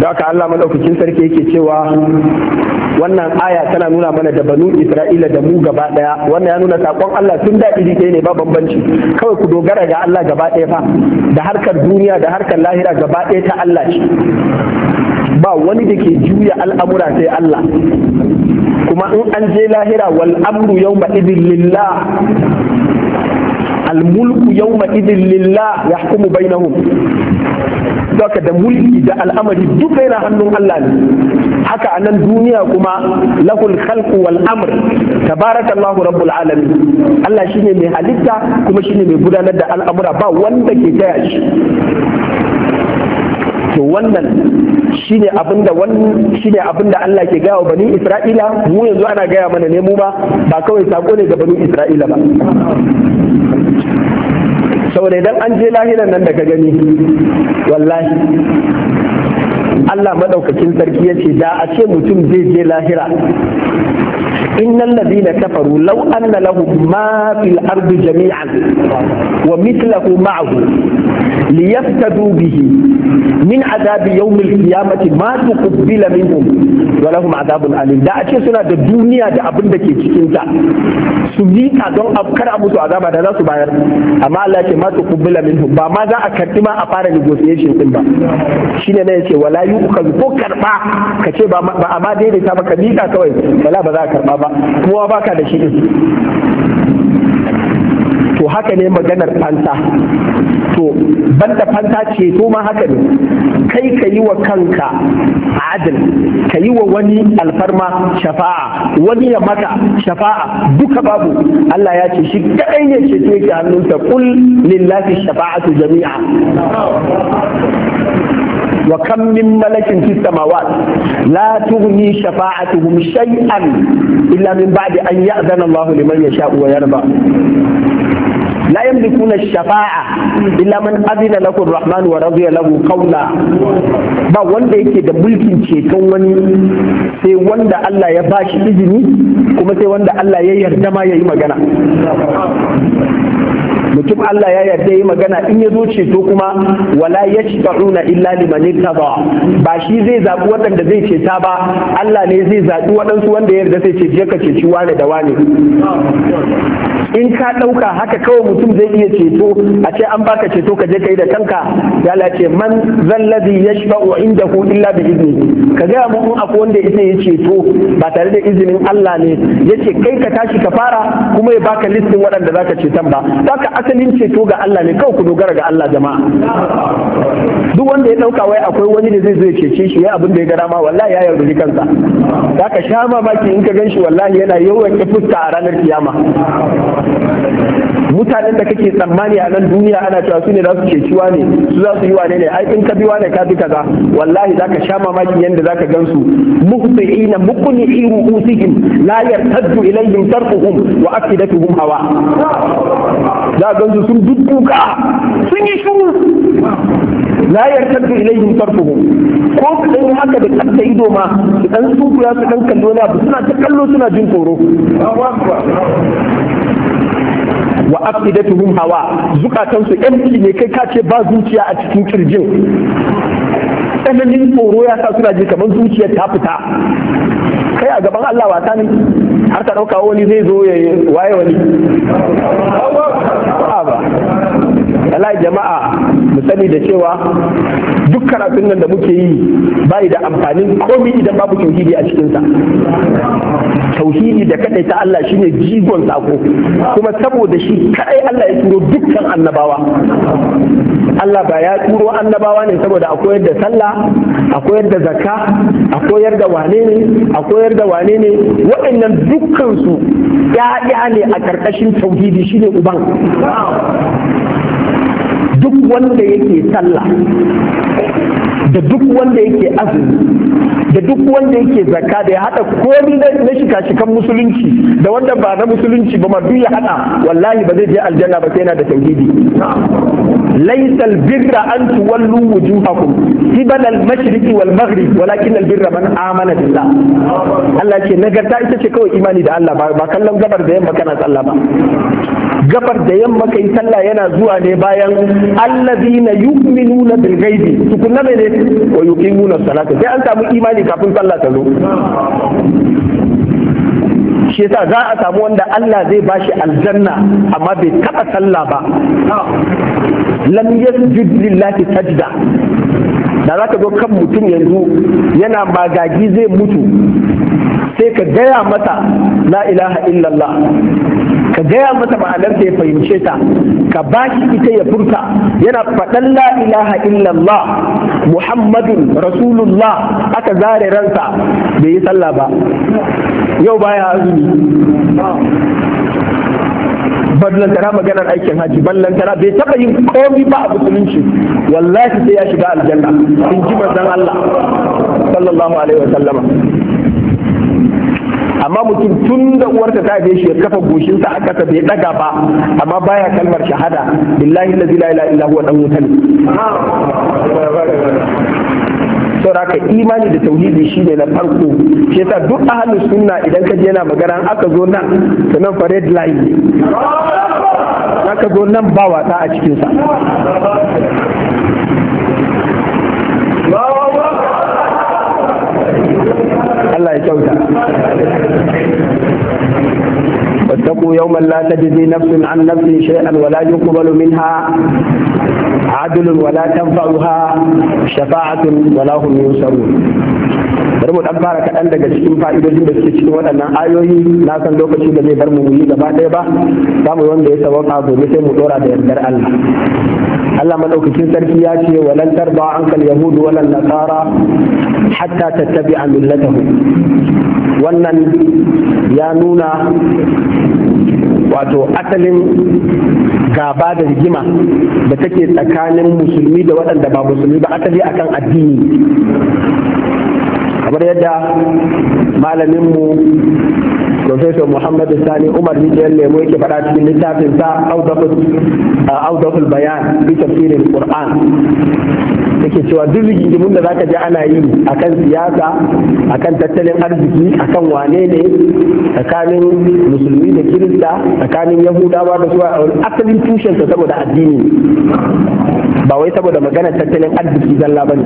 da haka Allah madaukakin sarki yake cewa wannan aya tana nuna mana da banu isra'ila da mu gaba daya wannan ya nuna sakon Allah tun da iri ne ba bambanci kawai ku dogara ga Allah gaba daya fa da harkar duniya da harkar lahira gaba daya ta Allah ce ba wani da ke juya al'amura sai Allah kuma in an je lahira wal amru yawma idin lillah al mulku yawma idin lillah yahkumu bainahum Saka da mulki da al'amari duka yana hannun Allah ne haka a nan duniya kuma lahul khalqu wal amr tabarakallahu rabbul alamin Allah shine mai halitta kuma shine mai gudanar da al'amura ba wanda ke taya shi to wannan shine abinda wannan shine abinda Allah ke gaya wa bani Isra'ila mu yanzu ana gaya mana ne mu ba ba kawai sako ne ga bani Isra'ila ba saboda idan an je lahiran nan da gani wallahi Allah madaukakin sarki ya ce da a ce mutum zai je lahira innal ladina kafaru law anna lahum ma fil ardi jami'an wa mithluhu ma'ahu liyaftadu bihi min adabi yawm al qiyamati ma tuqbila minhum wa lahum adabun alim da a ce suna da duniya da abin da ke cikin ta su mika don kar a musu azaba da za su bayar amma Allah ya ce ma tuqbila minhum ba ma za a karbi ma a fara negotiation din ba shine ne yace wala ko ba ba amma ba ka mika kawai ba za a mallaka ba kowa baka da shi din to haka ne maganar fanta to banda fanta ce to ma haka ne kai ka yi wa kanka adil ka yi wa wani alfarma shafa'a wani ya maka shafa'a duka babu Allah ya ce shi kadai ne ce ke hannunta kul lillahi shafa'atu jami'a wa kam min malakin fis samawati la tughni shafa'atuhum shay'an illa min ba'di an ya'zana Allahu liman yasha'u wa yarda لا يملكون الشفاعة إلا من أذن له الرحمن ورضي له قولا ba wanda yake da mulkin ceton wani sai wanda Allah ya bashi shi izini kuma sai wanda Allah ya yarda ma ya yi magana mutum Allah ya yarda yi magana in ya zo ceto kuma wala ya na illa liman irtada ba shi zai zaɓi waɗanda zai ceta ba Allah ne zai zaɓi waɗansu wanda ya yarda ce ka ceci wane da wane in ka ɗauka haka kawai mutum zai iya ceto a ce an baka ceto ka je ka yi da kanka ya lace man zallazi inda ku illa bi izini ka gaya mu akwai wanda ita ya ceto ba tare da izinin Allah ne Ya ce kai ka tashi ka fara kuma ya baka listin waɗanda za ka cetan ba asalin ceto ga Allah ne kawai ku dogara ga Allah jama'a duk wanda ya dauka wai akwai wani da zai zo ya cece shi ya abin da ya gara ma wallahi ya yaudari kansa zaka sha mamaki in ka ganshi wallahi yana yawan ya fuska a ranar kiyama mutanen da kake tsammani a nan duniya ana cewa su ne za su ceci ne su za su yi wane ne ai in ka bi wane ka bi kaza wallahi zaka sha mamaki yanda zaka gansu muqni iru usihim la yartaddu ilayhim tarquhum wa afidatuhum hawa za gansu sun dudduka
sun yi shuru
la yartaddu ilaihim tarfuhum ko su haka da kanta ido ma su dan ya su dan kallo na su suna ta kallo suna jin tsoro wa afidatuhum hawa zukatan su empty ne kai ka ce ba zuciya a cikin kirjin tsananin tsoro ya sa suna ji kamar zuciya ta fita kai a gaban Allah wata ne har ta ɗauka wani zai zo ya waye wani jama'a mu sani da cewa duk karatun nan da muke yi bai da amfanin komai idan babu tauhidi a cikinsa tauhidi da kadai ta Allah shine jigon sako kuma saboda shi kadai Allah ya turo dukkan annabawa Allah ba ya turo annabawa ne saboda a koyar da sallah a koyar da zakka a koyar da wane ne a koyar da wane ne waɗannan dukkan su ya'ya ne a ƙarƙashin tauhidi shine uban duk wanda yake sallah da duk wanda yake azumi da duk wanda yake zaka, da ya hada komai na shika shikan musulunci da wanda ba na musulunci ba ma duk ya hada wallahi ba zai je aljanna ba sai yana da tauhidi Laisal birra an tuwallu wujuhakum qibala almashriqi wal maghrib walakin albirra man amana billah Allah ce nagarta ita ce kawai imani da Allah ba kallon gabar da yamma kana sallah ba gabar da yamma kai sallah yana zuwa ne bayan allazina yu'minuna bil ghaibi tukunna ne wa yuqimuna salata sai an samu imani kafin sallah ta zo shi yasa za a samu wanda Allah zai bashi aljanna amma bai taba sallah ba lam yasjud lillahi sajda da za zo kan mutum yanzu yana magagi zai mutu sai ka gaya mata la ilaha illallah ka gaya mata ma'anar ya fahimce ta ka ba shi ita ya furta yana faɗan la ilaha illallah muhammadin rasulullah aka zare ransa bai yi sallah ba yau baya azumi ballantana maganar aikin haji ballantana bai taba yin komi ba a musulunci wallahi sai ya shiga aljanna in ji manzon Allah sallallahu alaihi wa sallama amma mutum tun da uwarta ta haife shi ya kafa goshinsa a ƙasa bai daga ba amma baya kalmar shahada billahi la ilaha illa huwa dan wuta sauraka imani da tauhidi shi ne na farko shi yasa duk ahalus sunna idan ka je yana magana aka zo nan sanan fa red line aka zo nan ba wasa a cikin sa الله ya واتقوا يوما لا تجزي نفس عن نفس شيئا ولا يقبل منها عدل ولا تنفعها شفاعة ولا هم ينصرون bari mu dan fara kaɗan daga cikin fa'idojin da suke cikin waɗannan ayoyi na san lokaci da zai bar mu yi gaba ɗaya ba za mu wanda ya sabaka gobe sai mu ɗora da yardar Allah Allah madaukakin sarki ya ce walan tarba kal yahudu walan nasara hatta tattabi'a millatahum wannan ya nuna wato asalin gaba da rigima da take tsakanin musulmi da waɗanda ba musulmi ba asali akan addini kamar yadda malaminmu professor muhammad sani umar rijiyar lemo yake faɗa cikin littafin sa audaful bayan fi tafsirin qur'an yake cewa duk rigimin da zaka je ana yi akan siyasa akan tattalin arziki akan wane ne tsakanin musulmi da kirista tsakanin yahudawa da su suwa asalin tushen sa saboda addini ba wai saboda magana tattalin arziki zalla bane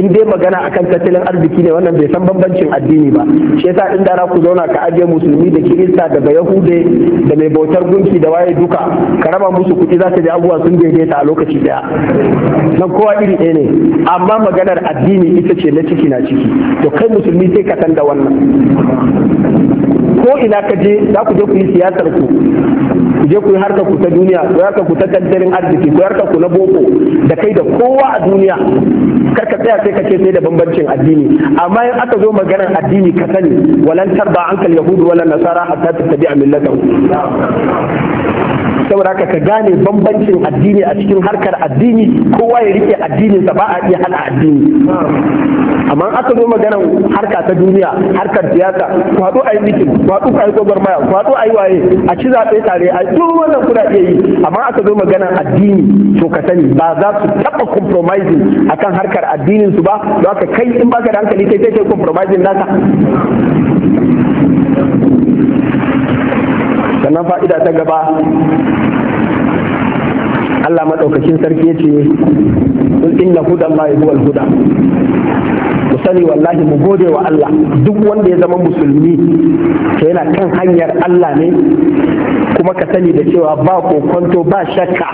in dai magana akan tattalin arziki ne wannan bai san bambancin addini ba shi yasa in da ku zauna ka ajiye musulmi da kirista da yahude da mai bautar gunki da waye duka ka raba musu kuɗi za ka ji abubuwa sun daidaita a lokaci daya nan kowa iri ɗaya ne amma maganar addini ita ce na ciki na ciki to kai musulmi sai ka san da wannan ko ina ka je za ku je ku yi siyasar ku ku je ku yi harkar ku ta duniya ku harkar ku ta tattalin arziki ku harkar ku na boko da kai da kowa a duniya kar ka tsaya sai ka ce sai da bambancin addini amma in aka zo maganar addini ka sani walan tarba ankal yahudu wala nasara hatta tattabi'a millatahum saboda haka ka gane bambancin addini a cikin harkar addini kowa ya rike addinin sa ba a iya hana addini amma aka zo maganar harka ta duniya harkar siyasa ku haɗu a yi mitin ku haɗu a yi maya, ku haɗu a yi waye a ci zaɓe tare a duk wannan kuna iya yi amma aka zo maganar addini to ka sani ba za su taɓa compromising akan harkar addinin su ba don haka kai in baka da hankali kai kai compromising naka sannan fa'ida ta gaba Allah maɗaukakin sarki ce sun inna hudan ma huwal huda mu sani wallahi mu gode wa Allah duk wanda ya zama musulmi to yana kan hanyar Allah ne kuma ka sani da cewa ba kwanto ba shakka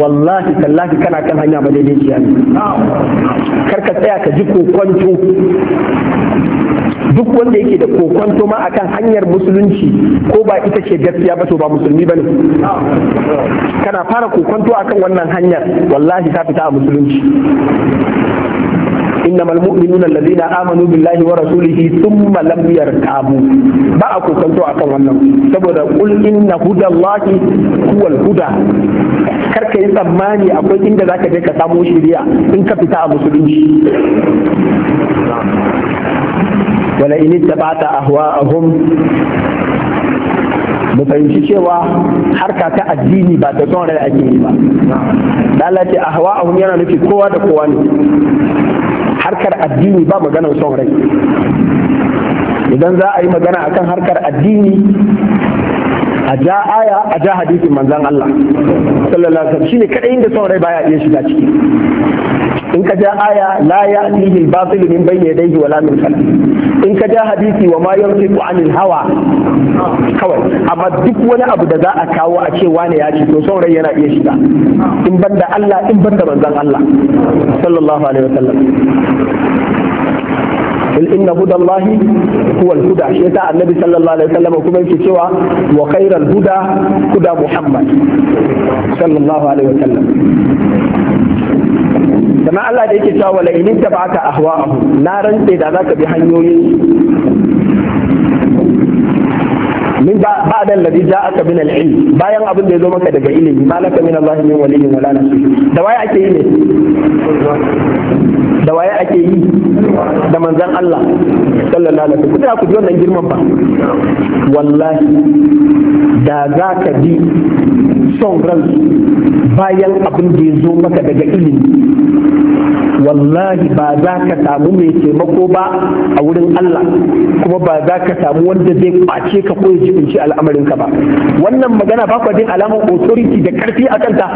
wallahi tallahi kana kan hanya ba daidai ciya kar ka tsaya ka ji kwanto duk wanda yake da kwanto ma akan hanyar musulunci ko ba ita ce gaskiya ba to ba musulmi bane kana fara kwanto akan wannan hanyar wallahi ka fita a musulunci innamal mu'minuna alladhina amanu billahi wa rasulihi thumma lam yartabu ba a kokanto akan wannan saboda qul inna hudallahi huwal huda kar ka yi tsammani akwai inda zaka je ka samu shiriya in ka fita a musulunci wala in ittaba'ta ahwa'ahum mu fahimci cewa harka ta addini ba ta son rai ake yi ba lalace ahwa'ahum yana nufi kowa da kowa ne harkar addini ba maganar son rai idan za a yi magana akan harkar addini a ja aya a ja hadisin manzan Allah sallallahu alaihi wasallam shine kadai inda son rai baya iya shiga ciki in ka ja aya la ya'tihi al-batil min bayni yadayhi wala min khalfihi in ka ja hadisi wa ma yantiqu anil hawa kawai amma duk wani abu da za a kawo a ce wane ya ci to rai yana iya shiga in banda Allah in banda manzon Allah sallallahu alaihi wasallam قل إن هدى الله هو الهدى شيء النبي صلى الله عليه وسلم وكما يكتوى وخير الهدى هدى محمد صلى الله عليه وسلم sannan Allah da yake cewa wala in tabaka ahwa'ahum na rantse da zaka bi hanyoyin min ba ba da ladhi aka min al-ilm bayan abin da ya zo maka daga ilimi malaka min Allah min wali wala nasir da waye ake yi ne da waye ake yi da manzon Allah sallallahu alaihi wasallam kuma ku ji wannan girman ba wallahi da zaka bi son ransu bayan abin da ya zo maka daga ilimi wallahi ba za ka samu mai taimako ba a wurin Allah kuma ba za ka samu wanda zai kwace ka ko ya jibinci al'amarin ka ba wannan magana ba kwa din alamar authority da karfi a kanta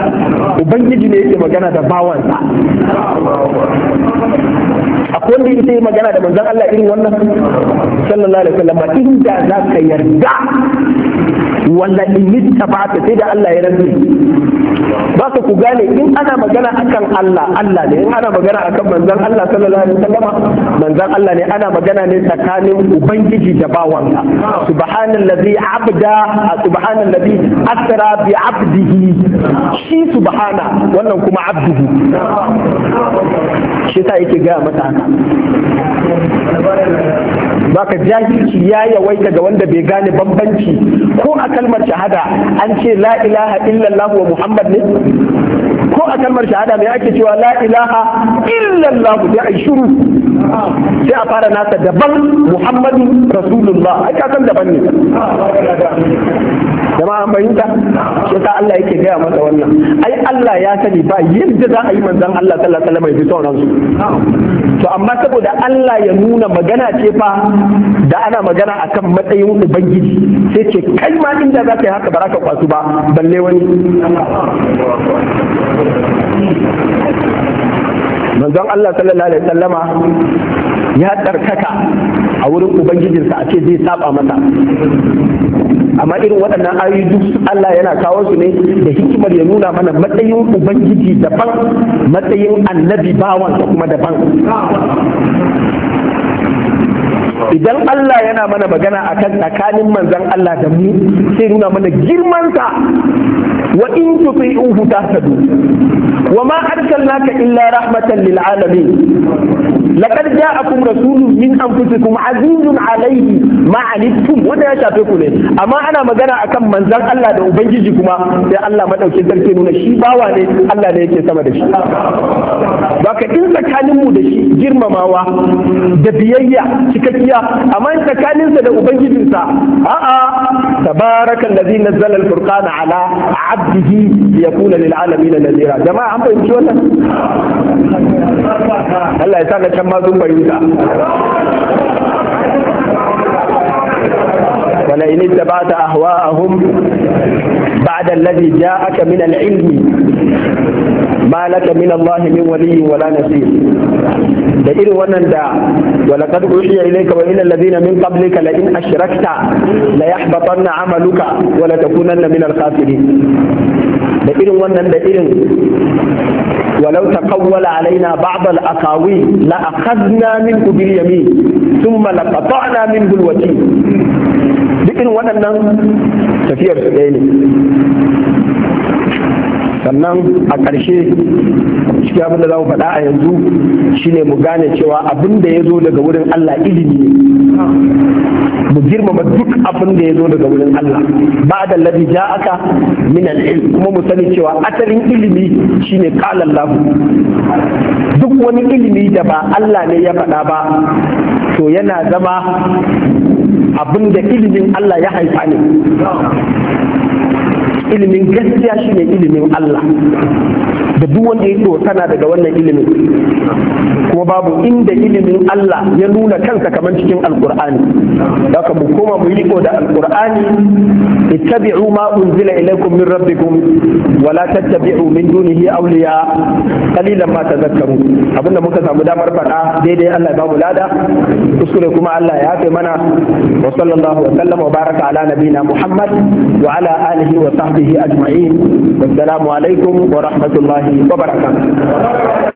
ubangiji ne yake magana da bawansa akwai wanda ita magana da manzon Allah irin wannan sallallahu alaihi wasallam inda za ka yarda wanda in yi ta sai da Allah ya rantsi ba ka ku gane in ana magana akan Allah Allah ne in ana magana akan manzon Allah sallallahu alaihi wasallama manzon Allah ne ana magana ne tsakanin ubangiji da bawanka subhanallazi abda subhanallazi asra bi abdihi shi subhana wannan kuma abduhu shi ta yake ga mata haka baka jahilci ya yawaita ga wanda bai gane bambanci ko a kalmar shahada an ce la ilaha illallah wa muhammad ne ko a kalmar shahada mai ake cewa la ilaha illallah sai ai shiru sai a fara nasa daban muhammadu rasulullah ai ka san daban ne jama'a an bayyanta shi ta Allah yake gaya masa wannan ai Allah ya sani ba yadda za a yi manzon Allah sallallahu alaihi wasallam ya bi sauransu to amma saboda Allah ya nuna magana ce fa da ana magana akan matsayin ubangiji sai ce kai ma inda za ka yi haka baraka za kwasu ba balle wani manzon Allah sallallahu alaihi wasallama ya tsarkaka a wurin ubangijinsa a ce zai saba masa amma irin waɗannan ayoyi duk Allah yana kawo su ne da hikimar ya nuna mana matsayin ubangiji daban matsayin annabi bawan kuma daban idan Allah yana mana magana akan tsakanin manzon Allah da mu sai nuna mana girmansa wa in tuti'uhu tahtadu wa ma arsalnaka illa rahmatan lil alamin laqad ja'akum rasulun min anfusikum azizun alayhi ma anittum wanda ya shafe ku ne amma ana magana akan manzon Allah da ubangiji kuma sai Allah madauki sarki nuna shi bawa ne Allah ne yake sama da shi baka in tsakanin mu da shi girmamawa da biyayya cikakkiya amma tsakaninsa da ubangijinsa a'a تبارك الذي نزل الفرقان على عبده ليكون للعالمين نذيرا جماعة an fahimci wannan Allah ya saka can ma sun fahimta ولئن اتبعت أهواءهم بعد الذي جاءك من العلم ما لك من الله من ولي ولا نصير لئن ونن دا ولقد اوحي اليك والى الذين من قبلك لئن اشركت ليحبطن عملك ولتكونن من الخاسرين لئن ونن لئن ولو تقول علينا بعض الاقاويل لاخذنا منه باليمين ثم لقطعنا منه الوتين إيه لئن ونن tafiyar su ɗaya ne sannan a ƙarshe cikin abin da za mu faɗa a yanzu shine mu gane cewa abin da ya zo daga wurin Allah ilimi ne mu girmama duk abin da ya zo daga wurin Allah ba da ladi ja aka min ilm kuma mu sani cewa asalin ilimi shine qala Allah duk wani ilimi da ba Allah ne ya faɗa ba to yana zama abin da ilimin Allah ya haifa ne ilimin gaskiya shine ilimin Allah da duk wanda ya tana daga wannan ilimin kuma babu inda ilimin Allah ya nuna kansa kamar cikin alkur'ani haka mu koma mu yi riko da alkur'ani ittabi'u ma unzila ilaykum min rabbikum wa la tattabi'u min dunihi awliya qalilan ma tadhakkaru abinda muka samu damar faɗa daidai Allah ya bamu lada kuskure kuma Allah ya yafe mana wa sallallahu wa sallama wa baraka ala nabina Muhammad wa ala
alihi wa sahbihi ajma'in. Assalamu alaikum wa rahmatullahi wa barakatuh.